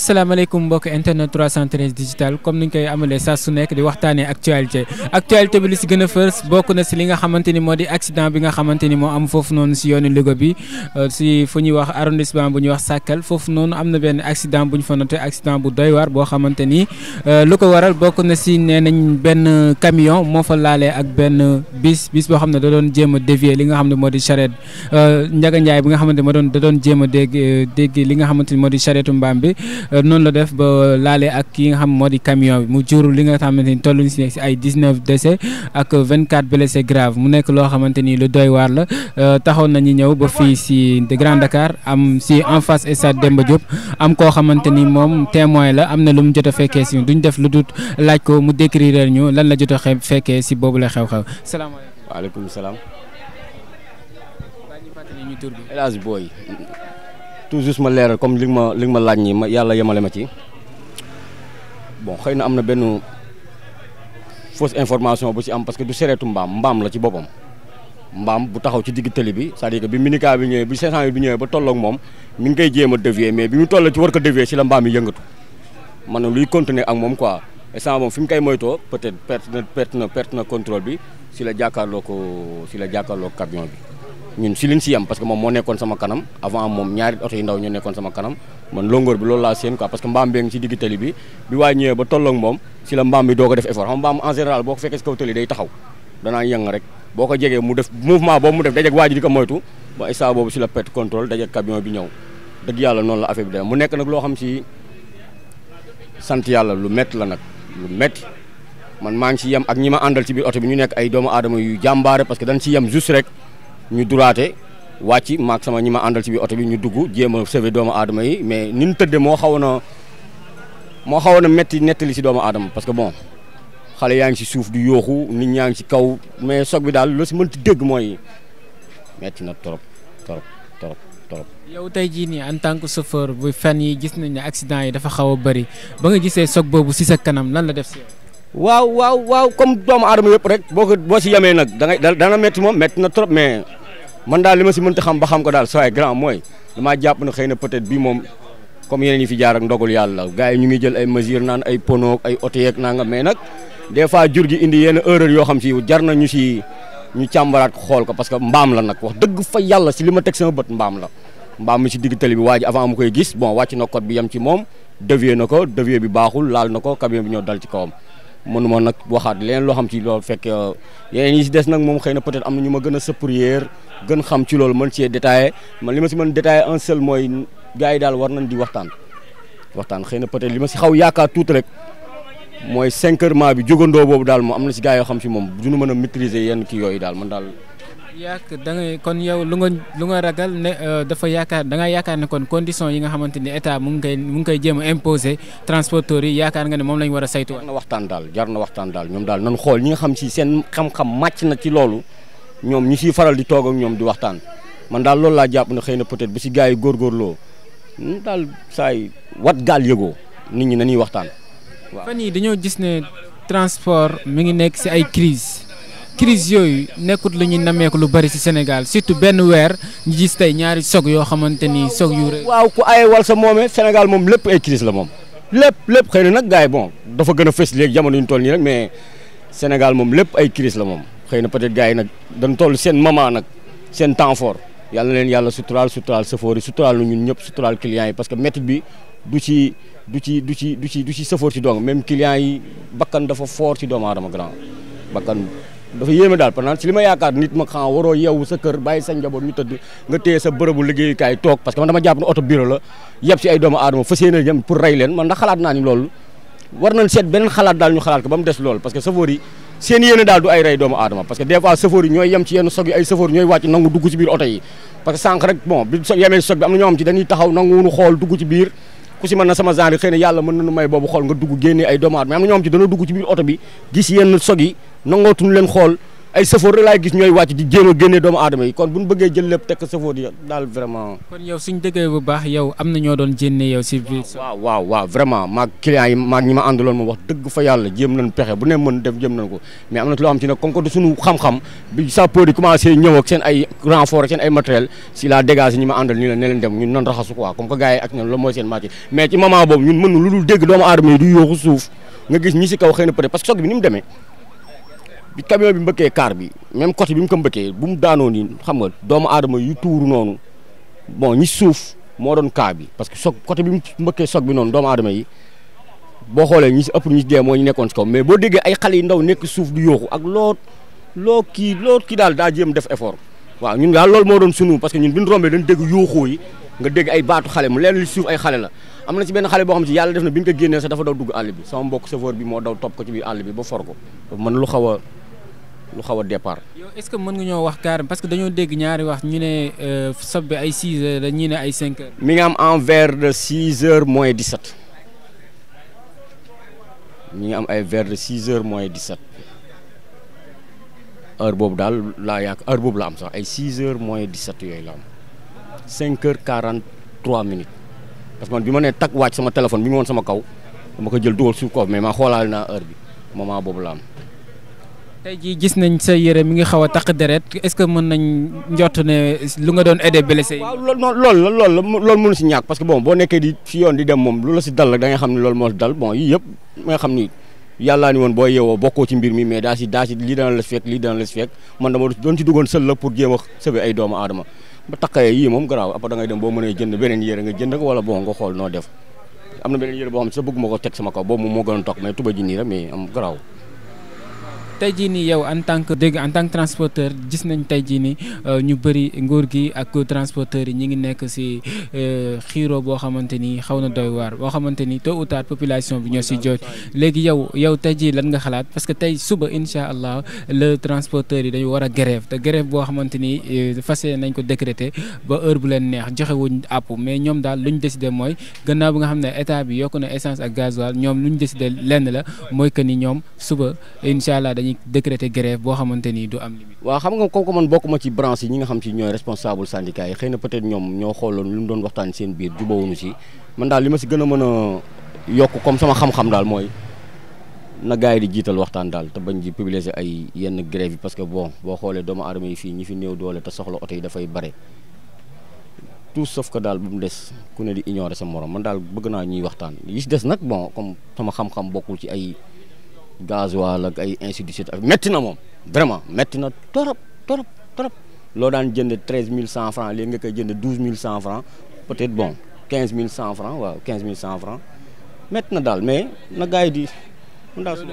asalaamaaleykum mbokk internet 313 digital comme ni ñu koy amalee saa su nekk di waxtaanee actualité actualité bi li si gën a fës bokk na si li nga xamante ni moo di accident bi nga xamante ni moo am foofu noonu si yoonu Louga bi euh, si fu ñuy wax arrondissement bu ñuy wax Sakal foofu noonu am na benn accident bu ñu fa noté bu doy waar boo xamante ni euh, lu ko waral bokk na si nee nañ benn camion moo fa laalee ak benn bis bis boo xam ne da doon jéem a dévier li nga xam ne moo di charrette euh, Ndiaga Ndiaye bi nga xamante moo doon da doon jéem a dégg dégg li nga xamante ni moo di charrette mbaam bi Euh, noonu la def ba laalee ak ki nga xam moo di camion bi mu jur li nga xamante ni tolluñ si ay dix neuf décès ak vingt quatre blessés graves mu nekk loo xamante ni lu doy waar la euh, taxoon nañu ñëw ba fii si Grand Dakar am si en face stade Demba Diop am koo xamante ni moom témoin la am na lu mu jot a fekkee si duñ def lu dul laaj ko mu décrire ñu lan la jot a fekkee si boobu la xew-xew salaamaaleykum. waaleykum salaam. El Hadj Boy tout juste ma leeral comme li ma li nga ma laaj nii ma yàlla yemale ma ci bon xëy na am na benn fausse information bu si am parce que du sereetu mbaam mbaam la ci boppam mbaam bu taxaw ci digg tëli bi c'est-à-dire que bi minicar bi ñëwee bi 500 yi bi ñëwee ba tolloog moom mi ngi koy jéem a dévier mais bi mu toll ci war ko dévier ci la mbaam yi yëngatu maanaam luy continuer ak moom quoi instant moom fi mu koy moytoo peut-être perte na perte na perte na contrôle bi si la jàkkaarloo ko la jàkkaarloo camion bi ñun si liñ si yam parce que moom moo nekkoon sama kanam avant moom ñaari oto yu ndaw ñoo nekkoon sama kanam man longoor bi loolu laa seen quoi parce que mbaam bee ngi si digg tali bi bi waaye ñëwee ba tolloog moom si la mbaam bi doo ko def effort xam mbaam en général boo ko jegee mu def mouvement boobu mu def dajeg waa ji di ko moytu ba instant boobu si la perte contrôle dajeg camion bi ñëw dëgg yàlla noon la affaire bi dem mu nekk nag loo xam si sant yàlla lu métti la nag lu métti man maa ngi si yem ak ñi ma àndal ci biir oto bi ñu nekk ay doomu aadama yu jàmbaare parce que dañ si yem juste rek ñu duraate wàcc maak sama ñi ma àndal ci biir oto bi ñu dugg jéem a sauver doomu aadama yi mais ni ñu tëddee moo xawoon a moo xawoon a métti nettali si doomu adama parce que bon xale yaa ngi si suuf du yooxu nit ñaa ngi si kaw mais soog bi daal loo si mënti dégg mooy metti na trop trop trop trop. yow tey jii nii en tant que chauffeur bu fan yi gis nañ ne accident yi dafa xaw a bëri ba nga gisee soog boobu si sa kanam lan la def si yow. waaw waaw waaw comme doomu yëpp rek boo boo si yemee nag da ngay dana trop mais. man daal li ma si mënta xam ba xam ko daal saay grand mooy damaa jàpp ne xëy na peut-être bii moom comme yeneen yi fi jaar ak ndogul yàlla gars yi ñu ngi jël ay mesures naan ay pono ay oto yeeg nangam mais nag des fois jur gi indi yenn erreur yoo xam si jar na ñu si ñu càmbaraat ko xool ko parce que mbaam la nag wax dëgg fa yàlla si li ma teg sama bët mbaam la mbaam mi si digg tali bi waa ji avant mu koy gis bon wàcc na code bi yem ci moom dévier na ko dévier bi baaxul laal na ko camion bi ñoo dal ci kawam mënu ma nag waxaat leen loo xam ci loolu fekk euh, yeneen yi si des nag moom xëy na peut-être am na ñu ma gën a supérieur gën xam ci loolu man cee détaillé man li ma si man détaillé un seul mooy gars yi daal war nañ di waxtaan waxtaan xëy na peut li ma si xaw yaakaar tuuti rek mooy cinq heures bi jógandoo boobu daal moom am na si gars yoo xam si moom duñu mën a maîtriser yenn ki yooyu daal man daal yaak da ngay kon yow lu nga ragal ne euh, dafa yaakaar da nga yaakaar ne kon condition yi nga xamante ni état mu ngi koy mu ngi koy jéem a imposer transporteurs yi yaakaar nga ne moom la ñu war a saytu. jar na waxtaan daal jar na waxtaan daal ñoom daal nan xool ñi nga xam si seen xam-xam ci loolu ñoom ñu siy faral di toog ak ñoom di waxtaan man daal loolu laa jàpp na xëy na peut-être bu si gars yi góorgóorloo hmm, daal saay wat gaal yëgoo nit ñi nañuy waxtaan. waaw fan yii dañoo gis ne transport mi ngi nekk si ay crise crise yooyu nekkut lu ñuy nameeku lu bari ci Sénégal surtout benn weer ñu gis tey ñaari sog yoo xamante ni sog yu rek waaw ku aye wal sa moomee Sénégal moom lépp ay crise la moom lépp lépp xëy na nag gars yi bon dafa gën a fës léegi jamono yu ñu rek mais Sénégal moom lépp ay crise la moom xëy na peut-être gars yi nag dañ toll seen moment nag seen temps fort yàlla leen yàlla suturaal suturaal safoor yi suturaal nu ñun ñëpp suturaal clients yi parce que métti bi du ci du ci du ci du ci du ci safoor ci dong même clients yi bakkan dafa fort ci doomu aadama grand bakkan dafa yéeme daal par exemple si li ma yaakaar nit ma xam waroo yeewu sa kër bàyyi sa njaboot ñu tëdd nga téye sa bërëbu liggéeyukaay toog parce que man dama jàpp ne oto bureau la yeb si ay doomu aadama fas yéene jëm pour rey seen yéene daal du ay rey doomu aadama parce que des fois ñooy yem ci yenn sog ay safoor ñooy wàcc nangu dugg ci biir oto yi parce que sànq rek bon bi yemee sog bi am na ñoo xam dañuy taxaw nangu wunu xool dugg ci biir ku si mën na sama genre xëy na yàlla mën nañu may boobu xool nga dugg génne ay doomu aadama am na ñoo xam ci dana dugg ci biir oto bi gis yenn sog yi nangootuñu leen xool ay safoor rek laay gis ñooy wàcc di jéem a génne doomu aadama yi kon bu ñu bëggee jël lépp tekk safoor yi daal vraiment. kon yow suñ dëggee bu baax yow am na ñoo doon jénne yow si biir. waaw waaw waaw vraiment maag clients yi dëgg fa yàlla jéem nañ pexe bu ne mën def jéem nañ ko mais am na loo xam ci gis ñi kaw xëy na peut parce que soog bi ni mu demee bi camion bi mbëkkee kaar bi même côté bi mu ko mbëkkee bu mu daanoo nga doomu aadama yu tuuru noonu bon ñi suuf moo doon kaa bi parce que soog côté bi mu mbëkkee soog bi noonu doomu aadama yi boo xoolee ñi si ëpp ñi si dee moo ñu boo déggee ay yu ndaw nekk suuf du yooxu ak loo loo kii loo kii daal daa jéem moo doon sunu parce que ñun xale mu la na ci benn xale boo xam ne yàlla def na bi ñu ko génnee sax dafa daw dugg àll bi sama mbokk chauffeur bi moo daw topp ko ci biir àll bi ba for ko man lu xaw lu xaw a départ. est-ce que mën nga ñoo wax carrément parce que dañoo dégg ñaari wax ñu ne euh, sab bi ay 6 heures la ñu ne ay 5 heures. mi ngi am envers de 6 heures moins 17 mu ngi am ay vers de 6 heures moins 17 heure boobu daal laa yàq heure boobu la am sax ay 6 heures moins 17 yooyu la am 5 quarante 43 minutes parce que man bi ma nee takk wàcc sama téléphone bi ngi woon sama kaw dama ko jël dugal suuf kaw mais ma xoolaale naa heure bi moment boobu la am. tey jii gis nañ sa yére mi ngi xaw a taq deret est-ce que mën nañ njott ne lu nga doon aider blessé yi. waaw la loolu la loolu mënu si ñàkk parce que boo nekkee di si yoon di dem moom lu la si dal rek da nga xam ne loolu moo si dal bon boo yeewoo bokkoo ci mbir mi mais daa si daa si lii dana la si fekk lii dana la duggoon sël la pour jéem a sëbe ay doomu aadama ba taqee yii moom garaaw après da dem boo mënee jënd beneen yére nga jënd ko wala bon nga xool noo def am na beneen yére boo xam sa bëgg ma ko teg sama kaw boobu moom moo gën a toog mais tuba tey jii nii yow en tant que dégg en tant que transporteur gis nañ tey jii nii euh, ñu bëri nguur gi ak transporteurs yi ñu ngi nekk si euh, xiiro boo xamante ni xaw na doy waar boo xamante ni tôt ou tard population bi ñoo si jooy léegi yow yow tey jii lan nga xalaat parce que tey suba incha allah le transporteur yi dañu war a grève te grève boo xamante ni euh, fas yéene nañ ko décréter ba heure bu leen neex joxe wuñ àpp mais ñoom daal lu ñu décidé mooy gannaaw bi nga xam ne état bi yokk na essence ak gasoil ñoom lu ñu décidé lenn la mooy que ni ñoom suba incha allah dañuy décréter grève boo xamante ni du am limite. waaw xam nga comme que man bokk ma ci branche yi ñi nga xam si ñooy responsable syndicat yi xëy na peut ñoom ñoo xooloon lu mu doon waxtaan seen biir jubawuñu si man daal li ma si gën a mën a yokk comme sama xam-xam daal mooy na gars yi di jiital waxtaan boo xoolee doomu aadama yi fii ñi fi néew doole te soxla oto yi dafay bare tout sauf que daal bu comme sama xam-xam bokkul ci ay. gasoil ak ay ainsi de suite na moom vraiment métti na torop torop torop loo daan jënd treize mille cent franc léegi nga koy jënd douze mille cent franc peut-être bon quinze mille cent franc waaw quinze mille cent franc métti na daal mais na gars yi di.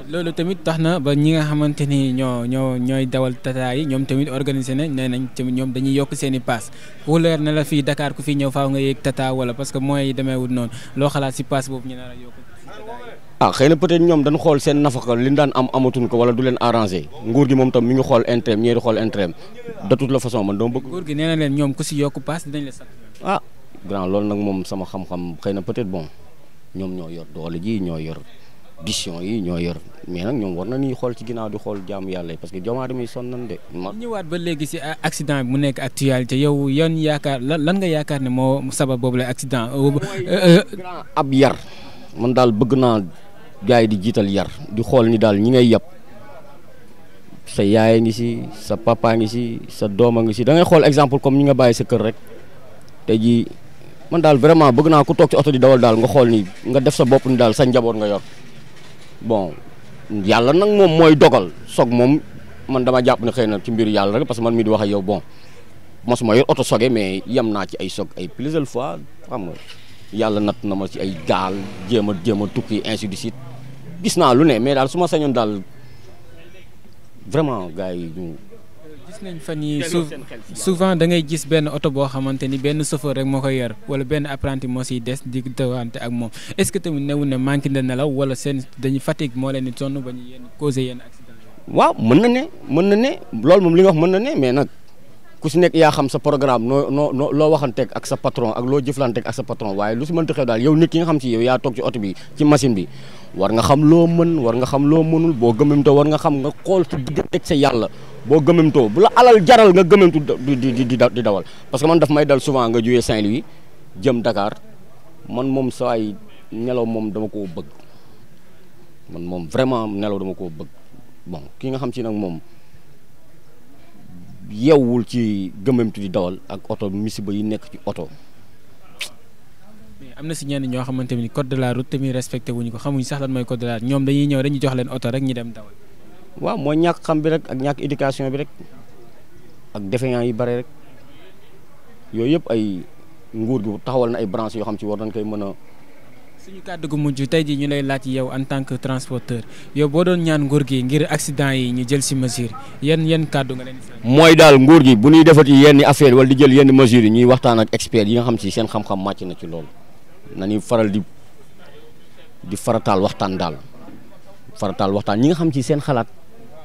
loolu tamit tax na ba ñi nga xamante ni ñoo ñoo ñooy dawal tata yi ñoom tamit organisé nañ nee nañ tamit ñoom dañuy yokk seen i paas ku leer na la fii Dakar ku fi ñëw faaw nga yéeg tata wala parce que moyens yi demeewul noonu loo xalaat si paas boobu ñu nar a ah xëy na peut ñoom dañu xool seen nafaka li ñu daan am amatuñ ko wala du leen arrangé nguur gi moom tam mi ngi xool intérêt ñeeri xool intérêt de toute la façon man dama bëgg. na ah, moom sama xam xëy na peut-être bon ñoom ñoo yor doole ji ñoo yor décision yi ñoo yor mais nag ñoom war na ñuy xool ci ginnaaw di xool jaamu yàlla yi parce que joomaat mi sonn nañ de. ma si accident bi mu nekk actualité yow yan yaakaar lan lan nga yaakaar ne moo sabab boobu la accident. Euh, euh, ab yar man daal bëgg naa gars yi di jiital yar di xool ni daal ñi ngay yab sa yaay ngi si sa papa ngi si sa doom a ngi si da ngay xool exemple comme ñi nga bàyyi sa kër rek te jii man daal vraiment bëgg naa ko toog ci oto di dawal daal nga xool ni nga def sa bopp ni daal sa njaboot nga yor bon yàlla nag moom mooy dogal soog moom man dama jàpp ne xëy na ci mbir yàlla rek parce que man mii di wax a yow bon mosuma yor oto soge mais yem naa ci ay sog ay plusieurs fois xam yàlla natt na ma ci ay gaal jéem a jéem a tukki ainsi gis naa lu ne mais daal suma ma sañoon daal vraiment gars yi ñu. gis nañ fan yi souvent da ngay gis benn oto boo xamante ni benn chauffeur rek moo ko yar wala benn apprenti moo siy des di dawante ak moom est-ce que tamit newu ne manqué na nelaw wala seen dañu fatigue moo leen di sonn ba ñu yenn causé yenn accident. waaw mën na ne mën na ne loolu moom li nga wax mën na ne mais nag ku si nekk yaa xam sa programme noo noo noo loo waxanteeg ak sa patron ak loo jëflanteeg ak sa patron waaye lu si mënta xew daal yow nit ki nga xam si yow yaa toog ci oto bi ci machine bi war nga xam loo mën war nga xam loo mënul boo gëmamtoo war nga xam nga xool si digganteeg sa yàlla boo gëmamtoo bu la alal jaral nga gëmamtu di di di dawal parce que man daf may dal souvent nga jógee Saint-Louis jëm dakaar man moom saa yi nelaw moom dama koo bëgg man moom vraiment nelaw dama koo bëgg bon ki nga xam si nag moom yeewul ci gëmmamtu di dawal ak oto misiba yi nekk ci oto. mais am na si ñenn ñoo xamante ni code de la route tamit respecté wuñu ko xamuñ sax lan mooy code de la route ñoom dañuy ñëw dañuy jox leen oto rek ñu dem dawal. waaw mooy ñàkk xam bi rek ak ñàkk éducation bi rek ak défaillants yi bare rek yooyu yëpp ay nguur gi taxawal na ay branches yoo xam ci war nañ koy mën a. suñu kàddu gu mujj tey jii ñu lay laaj yow en tant que transporteur yow boo doon ñaan nguur gi ngir accident yi ñu jël si mesure yenn yenn kàddu nga leen mooy daal nguur gi bu ñuy ci yenn affaire wala di jël yenn mesures yi ñuy waxtaan ak experts yi nga xam si seen xam-xam màcc na ci loolu nañuy faral di di farataal waxtaan daal farataal waxtaan ñi nga xam si seen xalaat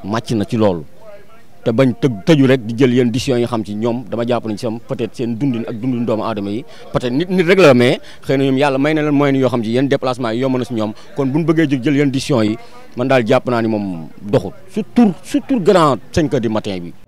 màcc na ci loolu. te bañ të tëju rek di jël yenn décisions yi xam ci ñoom dama jàpp nañ sam peut-être seen dundin ak dundin doomu aadama yi peut-être nit nit rek la mais xëy na ñoom yàlla may na leen moyen yoo xam ci yenn déplacement yi yomb si ñoom kon buñ bëggee jël yenn décisions yi man daal jàpp naa ni moom doxul surtout surtout grand cinq heures du matin bi